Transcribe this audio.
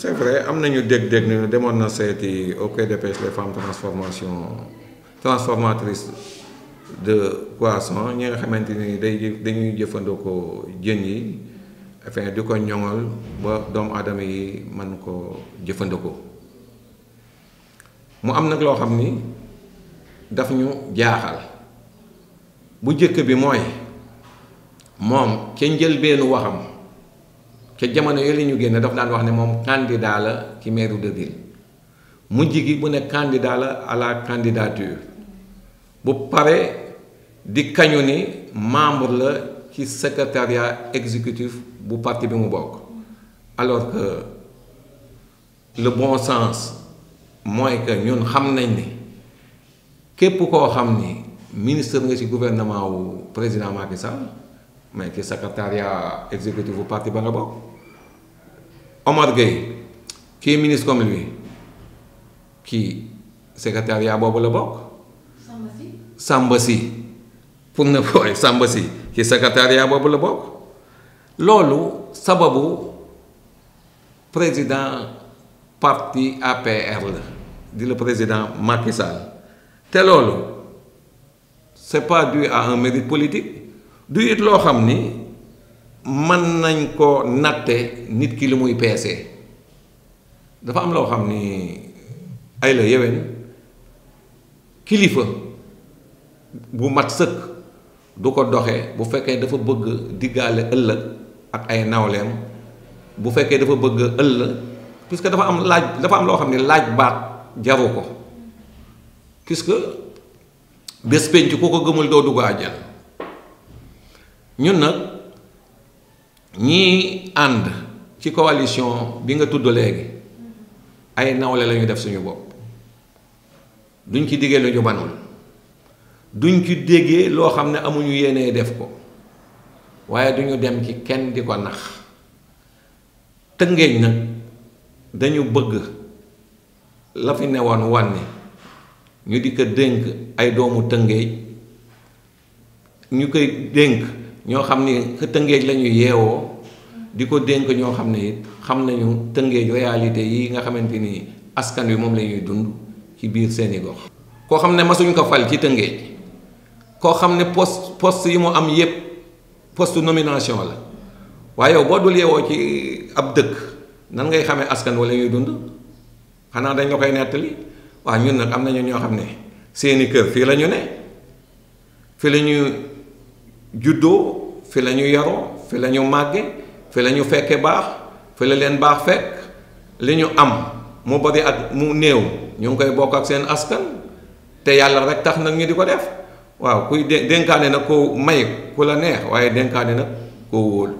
c'est vrai am na nañu dég dégg ne demoon na seeti au PDPS les femmes transformation transformatrice de poisson ñi nga xamante ni day dañuy jëfandikoo jën yi afin di ko ñoŋal ba doomu aadama yi mën ko jëfandikoo mu am nag loo xam ni daf ñu jaaxal bu jëkk bi mooy moom ca njëlbeenu waxam ca jamono yooyu ñu génne daf daan wax ne moom candidat la ci maire de ville mujj gi bu ne candidat la à la candidature bu pare di kañu ni membre la ci secrétariat exécutif bu parti bi mu bokk alors que le bon sens mooy que ñun xam nañ ni képp koo xam ni ministre nga ci gouvernement wu président Macky Sall mais ci secrétariat exécutif bu parti ba nga bokk Omar Gaye, qui est ministre comme lui qui secrétariat secrétaire à bokk. Samba si pour ne pas Samba qui secrétaire à à Le bokk Sababou, sababu président parti APR dit le président Macky Sall ce n'est c'est pas dû à un mérite politique dû it que man nañ ko natte nit ki li muy peese dafa am loo xam ni ay la yeween kilifa bu mat sëkk du ko doxe bu fekkee dafa bëgg diggaale ëllëg ak ay nawleem bu fekkee dafa bëgg ëll puisque dafa am laaj dafa am loo xam ni laaj baat jaru ko puisque bés penc ku ko gëmul doo dugg a jël ñun nag ñii ànd ci coalition bi nga tudd léegi ay nawle la def suñu bopp duñ ci diggee lu ñu manul duñ ci déggee loo xam ne amuñu yéenee def ko waaye duñu dem ci kenn di ko nax tëngeeñ nag dañu bëgg la fi newoon wànni ñu di ko dénk ay doomu tëngeej ñu koy dénk ñoo xam ni tëngéej lañuy yeewoo di ko dénk ñoo xam ne it xam nañu tëngéej réalité yi nga xamante ni askan wi moom lañuy dund ci biir seeni gox. koo xam ne ma suñ ko fal ci tëngéej koo xam ne poste poste yi mu am yépp poste nomination la waaye yow boo dul yeewoo ci ab dëkk nan ngay xame askan wala ñuy dund xanaa dañ la koy nettali waa ñun nag am nañu ñoo xam ne seeni kër fii lañu ne fii la ñu juddoo fi la ñu yaroo fi la ñu màgge fi la ñu fekke baax fi la leen baax fekk li ñu am mu bari ak mu néew ñu ngi koy bokk ak seen askan te yàlla rek tax nag ñu di ko def waaw kuy de dénkaane nag koo may ku la neex waaye dénkaane nag koo wóolu